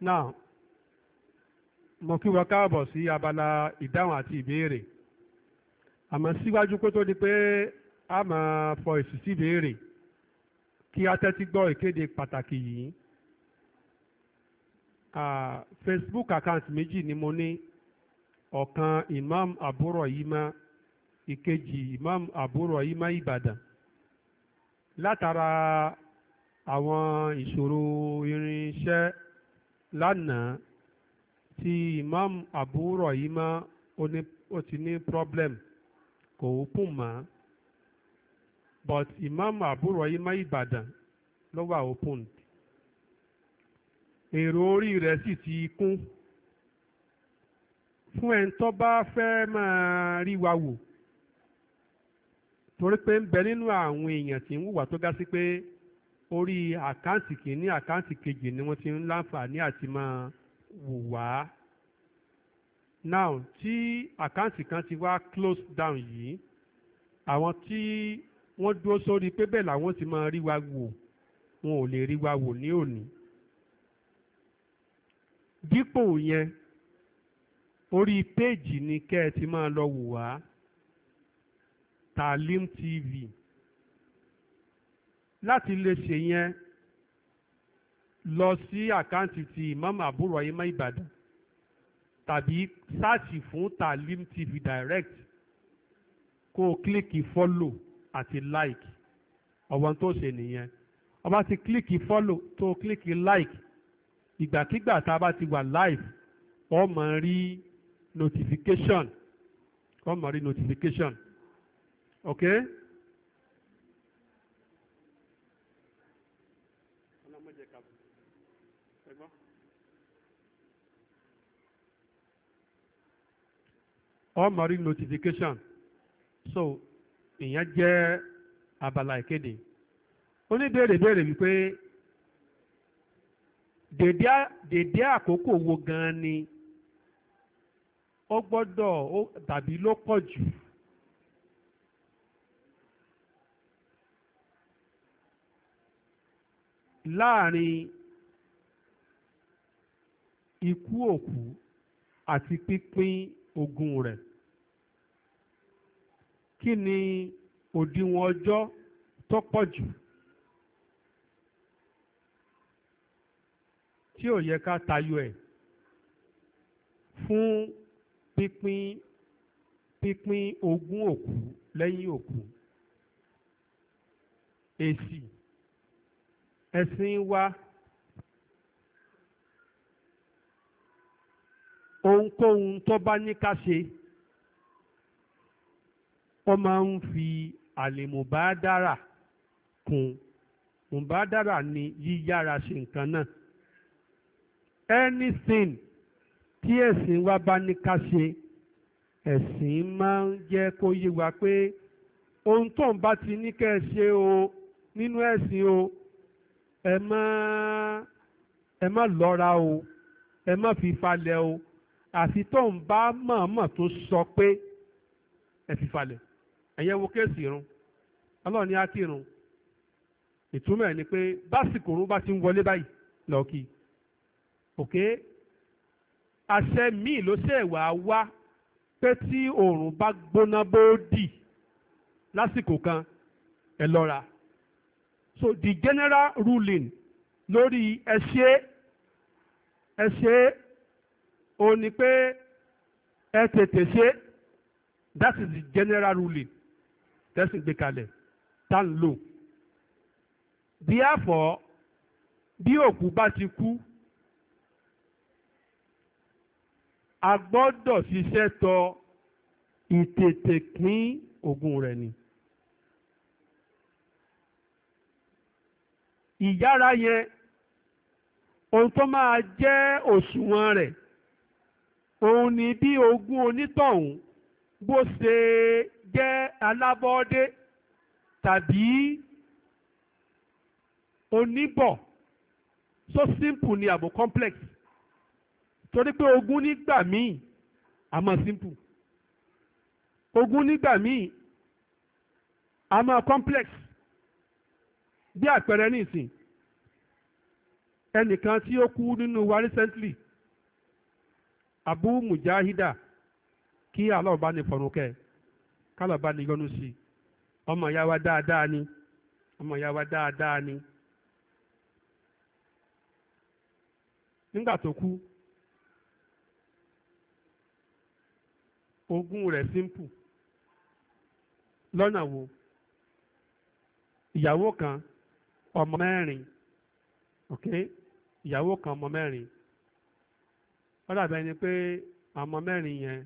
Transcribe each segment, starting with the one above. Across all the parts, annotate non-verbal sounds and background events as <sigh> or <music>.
now mo kí wa káàbọ̀ sí abala ìdáhùn àti ìbéèrè àmọ́ síwájú kó tó di pé a máa fọ èsì sí ìbéèrè kí a gbọ́ ìkéde pàtàkì yìí Facebook account méjì ni mo ní ọ̀kan Imam Aburọ̀yìmá ìkejì Imam Aburọ̀yìmá Ìbàdàn látara àwọn ìṣòro irinṣẹ́ lánàá tí imam Abu Rahima ó ti ní problem kò open mọ́ but imam Abu Rahima Ìbàdàn ló wà open èrò orí rẹ̀ sì ti kún fún ẹni tó bá fẹ́ máa rí wa wò torí pé ń bẹ nínú àwọn èèyàn tí ń wùwà tó ga sí pé orí àkáǹtì kìíní àkáǹtì kejì ni wọ́n ti ń láǹfààní àti máa wò wá. now tí àkáǹtì kan ti wá close down yìí àwọn tí wọ́n dúró sórí pé bẹ́ẹ̀ làwọn ti máa rí wa wò wọn ò lè rí wa wò ní òní. dípò yẹn orí péèjì ni kẹ́ ẹ ti máa lọ wò wá Talim TV láti lè ṣe yẹn lọ sí àkáǹtì ti Imam àbúrò ayé mọ́ Ìbàdàn tàbí sáàtì fún Talim TV direct kó o kílíkì follow àti like ọ̀wọ́n tó ṣe nìyẹn o bá ti kílíkì follow tó kílíkì like ìgbàkígbà tá a bá ti wà live o máa rí notification o máa rí notification okay. all marine notification so ìyẹn jẹ́ abala ìkéde oníbèrè béèrè wípé dèdé àkókò wo gan-an ni ó gbọ́dọ̀ tàbí ló pọ̀ jù láàrin ikú òkú àti pínpín ogún rẹ̀ kí ni òdiwọ̀n ọjọ́ tó pọ̀ jù tí ò yẹ ká tayọ ẹ̀ fún pínpín pínpín ogún òkú lẹ́yìn òkú èsì ẹ̀sìn wa. ohunkóhun tó bá ní ká ṣe ó máa ń fi àlèmùbádára kún mùbádára ni yíyára ṣe nǹkan náà anything tí ẹ̀sìn wa bá ní ká ṣe ẹ̀sìn máa ń jẹ́ kó yé wa pé ohun tó ń bá ti ní kẹ́ ṣe o nínú ẹ̀sìn o ẹ má ẹ má lọ́ra o ẹ má fi falẹ̀ o àfi tó ń bá mọ̀ọ́mọ̀ tó sọ pé ẹ fi falẹ̀ ẹ̀yẹ́ wo kéèsì irun ọlọ́ọ̀ni á ti irun ìtumọ̀ ẹ̀ ni pé básìkò irun bá ti ń wọlé báyìí lọ́ọ̀kì òkè àṣẹ míì ló ṣe wà á wá pé tí oòrùn bá gbóná bóódì lásìkò kan ẹ lọ́ra so the general ruling lórí ẹ ṣe ẹ ṣe ó ní pé ẹ tètè ṣe that is the general ruling tẹ́sí gbé kalẹ̀ tá ń lò therefore bí òkú bá ti kú a gbọ́dọ̀ ṣiṣẹ́ tọ ìtètè pín ogún rẹ̀ ni. ìyára yẹn ohun tó máa jẹ́ òṣùwọ̀n rẹ̀ òun ni bí ogún onítọ̀hún bó ṣe jẹ́ alábọ́ọ́dé tàbí oníbọ̀ so simple ni àbò complex torí pé ogún nígbà míì àmọ́ simple ogún nígbà míì àmọ́ complex bí àpẹẹrẹ ní ìsìn ẹnìkan tí ó kú nínú wa recently abu mujahida kí alọ́ọ̀bá ní fọ̀rùnkẹ́ kálọ̀bá ní yọ́nú sí ọmọ ìyá wa dáadáa ni ọmọ ìyá wa dáadáa ni nígbà tó kú ogún rẹ̀ simple lọ́nà wo ìyàwó kan ọmọ mẹ́rin ok ìyàwó kan ọmọ mẹ́rin wọ́n dàbí ẹni pé ọmọ mẹ́rin yẹn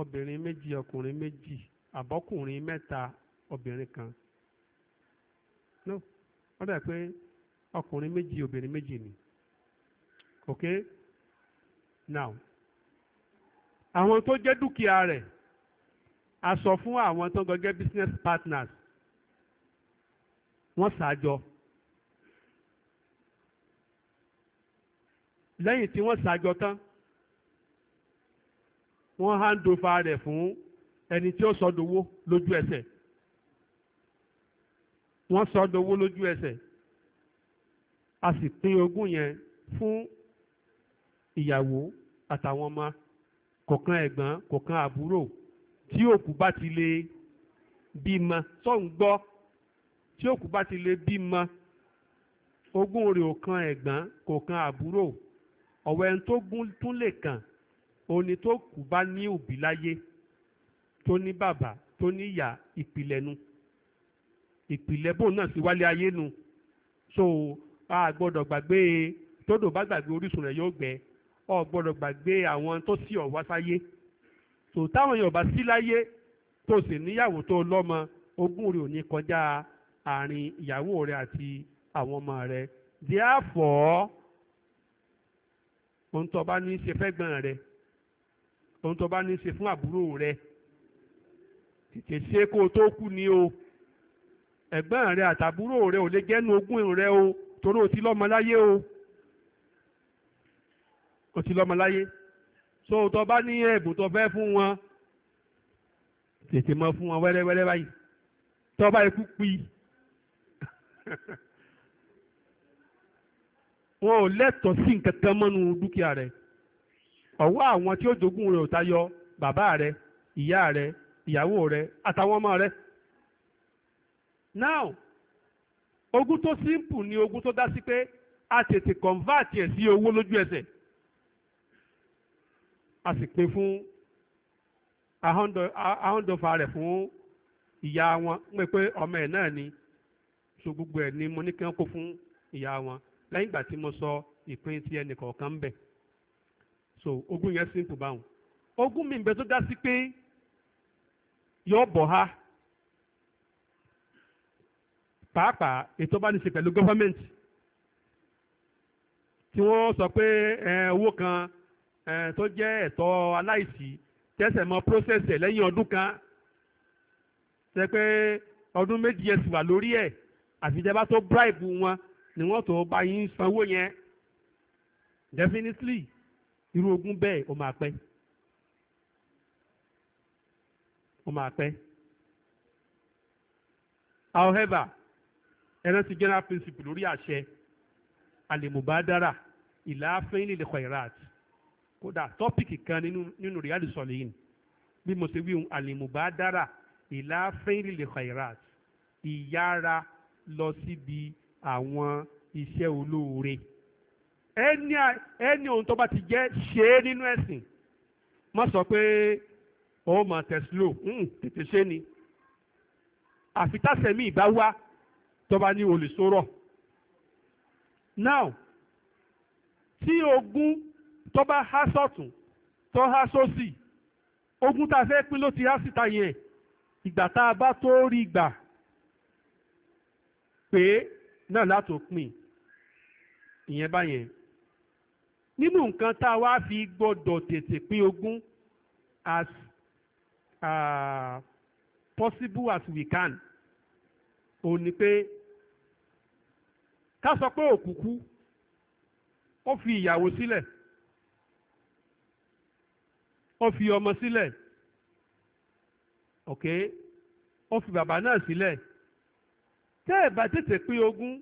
obìnrin méjì ọkùnrin méjì àbọ́kùnrin mẹ́ta obìnrin kan no wọ́n dàbí pé ọkùnrin méjì obìnrin méjì ni ok now àwọn tó jẹ́ dúkìá rẹ̀ a sọ fún àwọn tó gẹ́gẹ́ business partners wọ́n ṣàjọ lẹ́yìn tí wọ́n ṣàjọ tán wọ́n hand over rẹ̀ fún ẹni tí ó sọ dowó lójú ẹsẹ̀ wọ́n sọ dowó lójú ẹsẹ̀ a sì pín ogún yẹn fún ìyàwó àtàwọn ọmọ kọ̀ọ̀kan ẹ̀gbọ́n kọ̀ọ̀kan àbúrò tí òkú bá ti lè bímọ tó ń gbọ́ tí òkú bá ti lè bímọ ogún rẹ̀ ò kan ẹ̀gbọ́n kọ̀ọ̀kan àbúrò ọ̀wẹ́n tó gún tún lè kàn òní tó kù bá ní òbí láyé tó ní bàbá tó ní ìyá ìpìlẹ̀ nu ìpìlẹ̀ bò náà sì wálé ayé nu so a gbọ́dọ̀ gbàgbé tódò bá gbàgbé orísun rẹ̀ yóò gbẹ ọ gbọ́dọ̀ gbàgbé àwọn tó sì ọ̀wá sáyé tò táwọn yóò bá sí láyé tó sì níyàwó tó lọ́mọ ogún rẹ̀ ò ní kọjá àárín ìyàwó rẹ̀ àti àwọn ọmọ rẹ̀ díàfọ́ ohun tó bá ní í ṣe fẹ́ gbọ́n rẹ̀ ohun tó bá ní í ṣe fún àbúrò rẹ tètè ṣe kó o tó kú ni o ẹ̀gbọ́n rẹ àtàbúrò rẹ ò lè jẹ́nu ogún rẹ o torí o ti lọ́mọ láyé o o ti lọ́mọ láyé so tó bá ní ẹ̀bùn tó fẹ́ fún wọn tètè mọ fún wọn wẹ́rẹ́wẹ́rẹ́ báyìí tó bá ikú pi <laughs> wọn ò lẹ́tọ̀ọ́ sí nǹkan kan mọ́nu dúkìá rẹ̀. ọwọ́ àwọn tí ó jogún rẹ̀ ò tayọ bàbá rẹ̀ ìyá rẹ̀ ìyàwó rẹ̀ àtàwọn ọmọ rẹ̀. now ogun tó simple ni ogun tó dá sí pé a tètè convert ẹ̀ sí owó lójú ẹsẹ̀ a sì pín fún ahọ́ndọ̀fà rẹ̀ fún ìyá wọn pé so gbogbo mo ní kí kó fún ìyá wọn lẹ́yìn ìgbà tí mo sọ ìpín tí ẹnì kọ̀ọ̀kan ń so ogún yẹn sì ń báwọn ogún mi ń bẹ tó dá sí pé yọ bọ̀ ha pàápàá ètò bá ní ṣe pẹ̀lú gọ́fọ́mẹ̀ntì tí wọ́n sọ pé owó kan tó jẹ́ ẹ̀tọ́ aláìsí tẹ́sẹ̀ mọ́ prósẹ̀sì lẹ́yìn ọdún kan tẹ́ pé ọdún méjì yẹn sì wà lórí ẹ̀ àfijẹ́bá tó bribe wọn ni wọ́n tó bá yín sanwó yẹn definitely irú ogún bẹ́ẹ̀ ó máa pẹ́ ó máa pẹ́ however ẹran ti general principle lórí àṣẹ alimubadara ìlàáfín lè kọ ìrat kódà tọ́pìkì kan nínú nínú ríálì sọ̀lẹ̀ yìí bí mo ṣe wí ohun alimubadara ìlàáfín lè kọ ìrat ìyára lọ síbi àwọn iṣẹ́ olóore ẹni ẹni ohun tó bá ti jẹ́ ṣe é nínú ẹ̀sìn má sọ pé ó mà tẹ̀sílò hmm, tètè ṣe ni àfi tásẹ̀mí ìbá wá tó bá ní olùsọ̀rọ̀ now tí ogún tó bá há sọ̀tún tó há sósì ogún tá a fẹ́ pín ló ti há síta yẹn ìgbà tá a bá tó rí gbà pé náà látò pín ìyẹn báyẹn nínú nǹkan tá a wá fi gbọ́dọ̀ tètè pín ogún as uh, possible as we can òun ni pé ká sọ pé òkú kú ó fi ìyàwó sílẹ̀ ó fi ọmọ sílẹ̀ ok ó fi bàbá náà sílẹ̀ tẹ́ ẹ̀ bá tètè pín ogún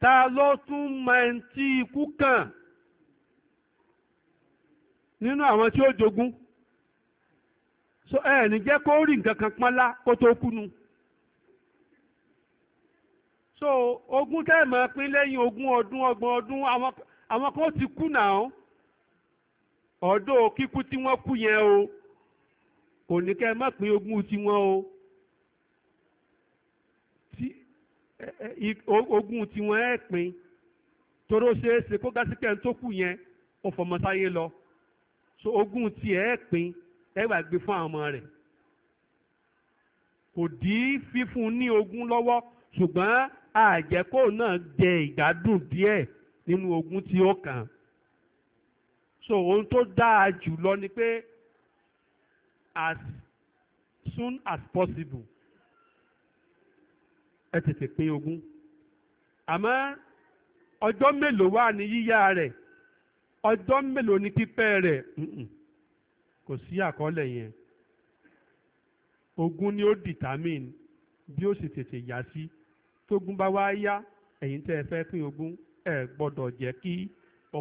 ta ló tún máa ń tí ikú kàn nínú àwọn tí ó jogún so ẹ ní jẹ́ kó rí nǹkan kan pọ́nlá kó tó kúnu so ogún tẹ́ẹ̀mọ́ pín lẹ́yìn ogún ọdún ọgbọ̀n ọdún àwọn kan ti kú náà ọ̀dọ́ kíkú tí wọ́n kú yẹn o kò ní kẹ́ ẹ má pín ogún tiwọn o ogún tiwọn ẹ pín toró ṣeé kó gásíkẹ́ ń tó kù yẹn ó fọmọ sáyé lọ so ogún tiẹ̀ ẹ̀ pín ẹ wá gbé fún àwọn ọmọ rẹ̀ kò dí fífún ní ogún lọ́wọ́ ṣùgbọ́n àjẹkó náà jẹ ìgbádùn díẹ̀ nínú ogún tí ó kàn so ohun tó dáa jù lọ ni pé as soon as possible ẹ tètè pín ogún àmọ́ ọjọ́ mélòó wà ní yíyá rẹ̀ ọjọ́ mélòó ni pípẹ́ rẹ̀ kò sí àkọọ́lẹ̀ yẹn ogún ni ó determine bí ó sì tètè yá sí tógún bá wá yá ẹ̀yin tẹ́ ẹ fẹ́ pín ogún ẹ gbọ́dọ̀ jẹ́ kí ó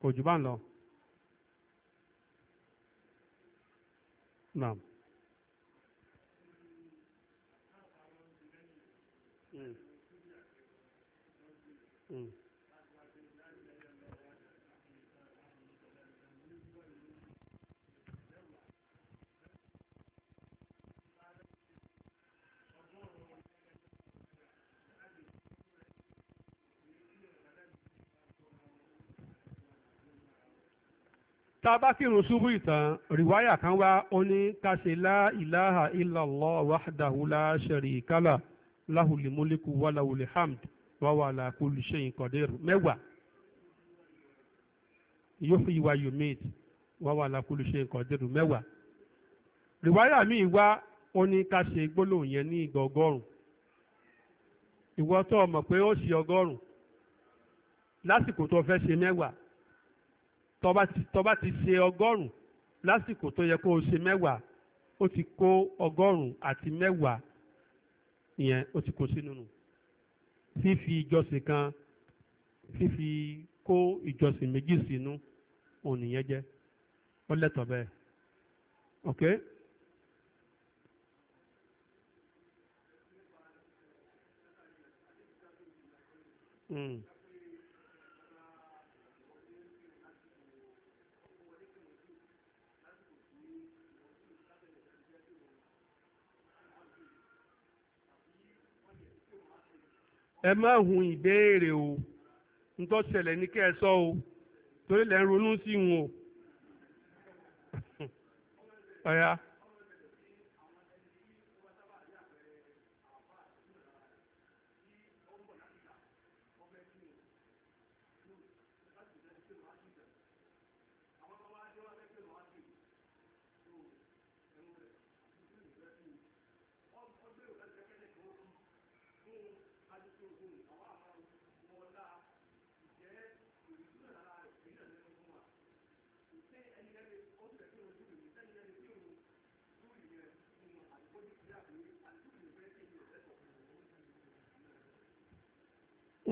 kò jù bá ń lọ. Naam. tá subu itan ìtàn rìwáyà la ilaha ilallah wahdahu la sharika lah hamd wa mewa. ala kulli wa yumit wa huwa ala kulli shay'in mẹ́wàá rìwáyà míì wá ó ní ká gbólóhùn yẹn ní ìgbà ọgọ́rùn pé ó ọgọ́rùn tọba ti tọba ti ṣe ọgọ́rùn lásìkò tó yẹ kó o ṣe mẹ́wàá ó ti kó ọgọ́rùn àti mẹ́wàá ìyẹn ó ti kó sínú nù fífi ìjọsìn kan fífi kó ìjọsìn méjì sínú òun nìyẹn jẹ́ ó lẹ́tọ̀ bẹ́ẹ̀ ok. Mm. ẹ má hun ìbéèrè o ntọ́ ṣẹlẹ̀ ní kẹ́ ẹ sọ o torí lẹ́ ń ronú sí wọn o. <laughs> ọ̀ya.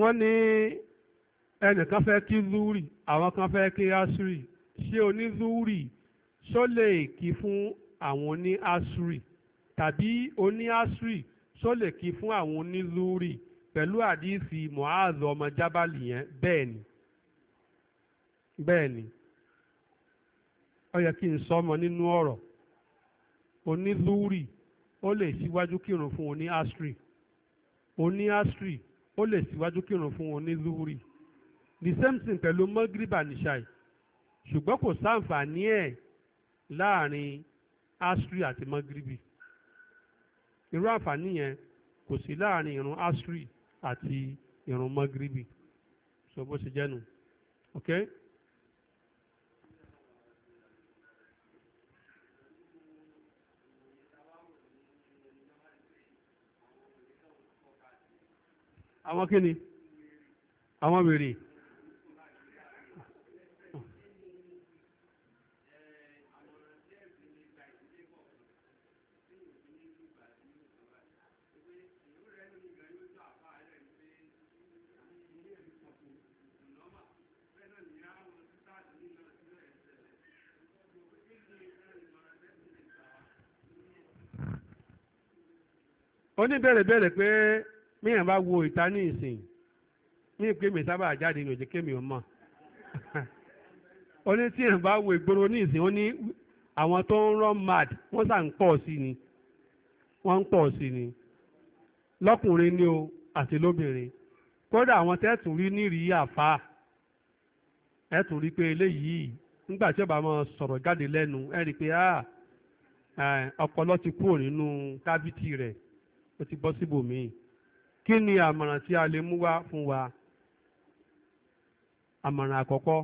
wọ́n ní ẹnìkan fẹ́ kí zúrì àwọn kan fẹ́ kí asúrì ṣé oní zúrì ṣó lè kí fún àwọn oní asúrì tàbí oní asúrì ṣó lè kí fún àwọn oní zúrì pẹ̀lú àdíìsì Mu'adh ọmọ jábàlì yẹn bẹ́ẹ̀ ni bẹ́ẹ̀ ni ó yẹ kí n sọ ọmọ nínú ọ̀rọ̀ oní zúrì ó lè síwájú kírun fún oní asúrì oní asúrì ó lè síwájú kírun fún wọn ní zuhuri the same thing pẹ̀lú mọ́gìrìbà nìṣàì ṣùgbọ́n kò sáǹfààní ẹ̀ láàrin asri àti mọ́gìrìbì irú àǹfààní yẹn kò sí láàrin irun asri àti irun mọ́gìrìbì so bó ṣe jẹ́nu okay. àwọn kíni àwọn wèrè. oníbẹ̀rẹ̀ bẹ̀rẹ̀ pé míyàn bá wo ìta ní ìsìn ní ìpè mi sábà jáde ní òjì kémi ọmọ oní <laughs> tí yàn bá wo ìgboro ní ìsìn ó ní àwọn tó ń rán mad wọ́n sà ń pọ̀ sí ni wọ́n ń pọ̀ sí ni lọ́kùnrin ni o àti lóbìnrin kódà àwọn tẹ́tùn rí nírìí àfáà ẹ tún rí pé eléyìí nígbà tí ọba máa sọ̀rọ̀ jáde lẹ́nu ẹ rí pé ah, ọpọlọ ti kúrò nínú cavity rẹ̀ ó ti bọ́ síbòmíì kí ni àmọ̀ràn tí a lè mú wá fún wa àmọ̀ràn àkọ́kọ́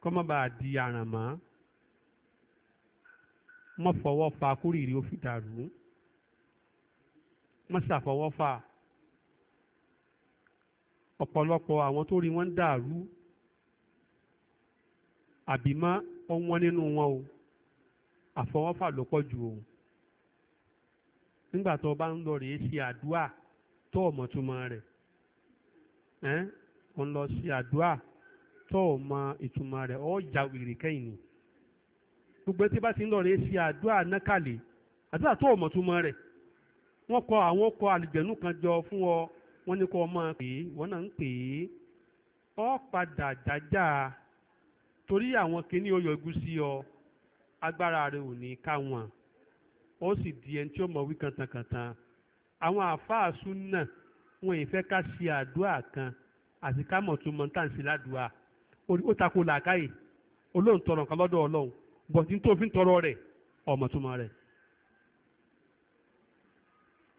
kọ́mọ́bà di àràmọ́ mọ́ fọwọ́ fa kórìírí ó fi dàrú mọ́ ṣàfọwọ́ fà ọ̀pọ̀lọpọ̀ àwọn tó rí wọ́n ń dàrú àbí mọ́ ọ̀wọ́n nínú wọn o àfọwọ́fà ló pọ̀ ju òun nígbà tó bá ń lọ rèé ṣe àdúà tó o mọ̀ túmọ̀ o ń lọ ṣe àdúà tó o ni gbogbo tí bá ti ń lọ rèé ṣe àdúà nákàlè àdúà tó o mọ̀ túmọ̀ kọ àwọn ọkọ̀ àlìjẹ̀nù kan jọ fún ọ wọn ní kó o máa pè é wọ́n náà ń pè é padà torí àwọn kìíní oyọ̀ ọ agbára rẹ ò ní ká ó sì di ẹni tí ó mọ̀ wí kàntàkàntà àwọn àáfàá súnà wọn ì fẹ́ ká ṣe àdúrà kan àti ká mọ̀ tó mọ̀ tá à ń ṣe ládùúà ó tako làákàyè olóhùn tọrọ nǹkan lọ́dọ̀ ọlọ́run bọ̀dí tó fi ń tọrọ rẹ̀ ọmọ túmọ̀ rẹ̀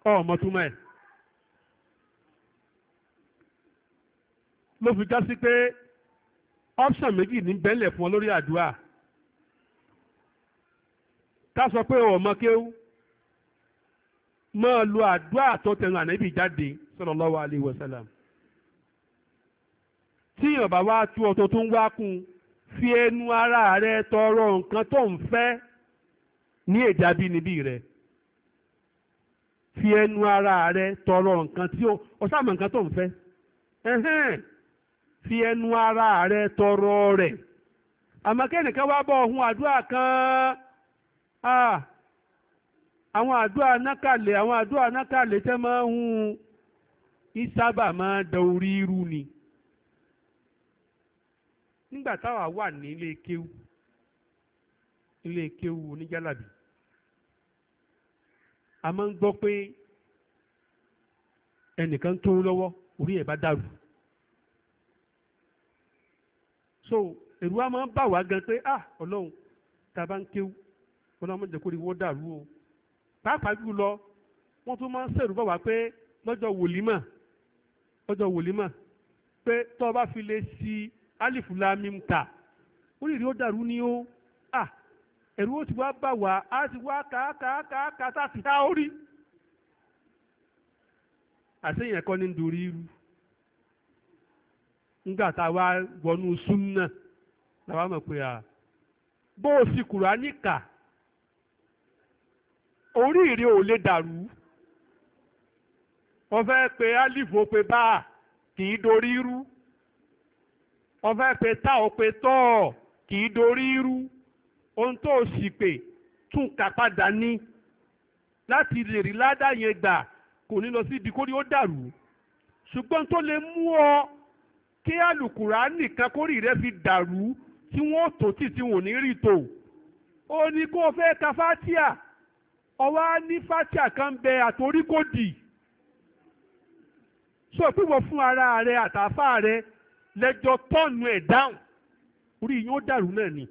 ọmọ túmọ̀ ẹ̀ ló fi já sí pé option méjì ní bẹ́ńlẹ̀ fún ọ lórí àdúrà ká sọ pé ọmọ kéwú máa lo àdúrà tó tẹnu ànábì jáde sallallahu alaihi wasallam tíyàn bá wá tú ọtọ tó ń wá kún fi ẹnu ara rẹ tọrọ nǹkan tó ń fẹ́ ní èdè abínibí rẹ fi ẹnu ara rẹ tọrọ nǹkan tí ó ọsàmọ nǹkan tó ń fẹ́ fi ẹnu ara rẹ tọrọ rẹ àmọ́ kẹ́nìkan wá bọ̀ ọ̀hún àdúrà kan. Ah, àwọn àdúrà nákàlẹ̀ àwọn àdúrà nákàlẹ̀ tẹ́ máa ń hun ìsábà máa da orí irú ni nígbà táwa wà ní ilé kéwú ilé kéwú oníjàlàbí. a máa ń gbọ́ pé ẹnìkan tó lọ́wọ́ orí ẹ̀ bá dàrú so èrò a máa ń bà wá gan pé ah ọlọ́run tá a bá ń kéwú ọlọ́run má jẹ́ kó rí wọ́n dàrú o. pàápàá jùlọ wọ́n tún máa ń ṣèrú bọ̀ wá pé lọ́jọ́ wòlímà lọ́jọ́ wòlímà pé tó o bá fi lè si alifu ta ó lè rí ó dàrú ni ó à ẹ̀rú ó ti wá bà á ti wá kàákàákàá tá a ti há ó àṣeyìn ẹ̀kọ́ dorí irú nígbà tá a wá wọnú làwọn pé à bó o sì orí ìrè ò lè dàrú wọ́n fẹ́ pe alif ó pe báà kì í dorí irú wọ́n fẹ́ pe tá ó pe tọ́ kì í dorí irú ohun tó o sì pè tún kà padà ní láti lè rí ládà yẹn gbà kò ní lọ síbi kórí ó dàrú ṣùgbọ́n tó lè mú ọ kí àlùkùránì kan kórì rẹ fi dàrú tí wọ́n tò tí tí wọ́n ní rí tò ó ní kó o fẹ́ ka fátíà. ọwọ́ á ní fatia kan bẹ àtòrí kò dì so pípọ̀ fún ara rẹ àtàfà rẹ lẹ́jọ́ tọ́ọ̀nù ẹ̀ dáhùn orí yóò dàrú náà ni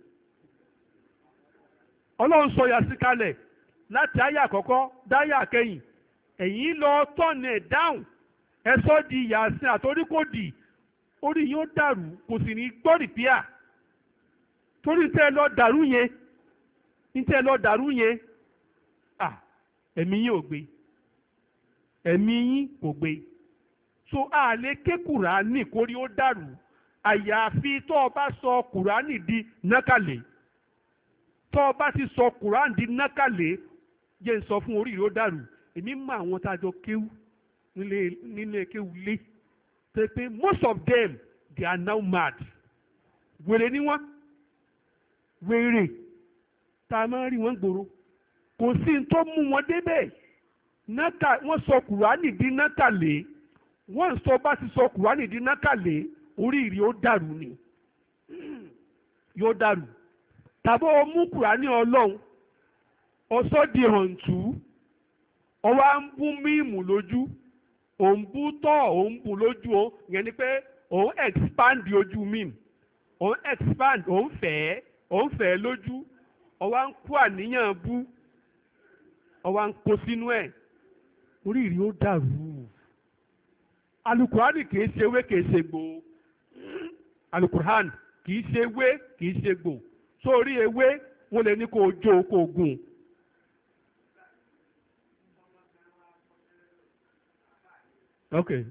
ọlọ́run sọ yàsí kalẹ̀ láti àyà àkọ́kọ́ dáyà kẹ́yìn ẹ̀yìn lọ tọ́ọ̀nù ẹ̀ dáhùn ẹ di yàsí àtòrí orí yóò dàrú kò sì ní torí tẹ́ ẹ lọ dàrú yẹn ní tẹ́ ẹ lọ dàrú yẹn Ah, ẹ̀mí yín ò gbé ẹ̀mí yín kò gbé so a lè ké kùránì kórí ó dàrú àyàfi tó o bá sọ kùránì di nákàlẹ̀ tó o bá ti sọ kùránì di nákàlẹ̀ jẹ́ n sọ fún orí rẹ̀ ó dàrú èmi mọ àwọn tá a jọ kéwú nílé kéwú lé pé most of them they are now mad wèrè ni wọ́n wèrè tá a máa rí wọn gbòòrò. kò sí tó mú wọn débẹ̀ wọ́n sọ kùránì di náta lé wọ́n sọ bá ti sọ kùránì di náta lé oríire ó dàrú ni yóò dàrú tàbí o mú kùránì ọlọ́run ọsọ di hàǹtù ọwọ́ à ń bú mímù lójú òun bú tọ́ òun bù lójú o yẹn ni pé òun expand ojú míìmù òun expand òun fẹ́ òun fẹ́ lójú ọwọ́ à ń kó àníyàn bú. ọwa ń kó sínú ẹ̀ orí ìrí ó dàrú alukurani kìí ṣe ewé kìí ṣe gbò alukurani kìí ṣe ewé kìí ṣe gbò sórí ewé wọn lè ní kó o jó kó o gùn. okay.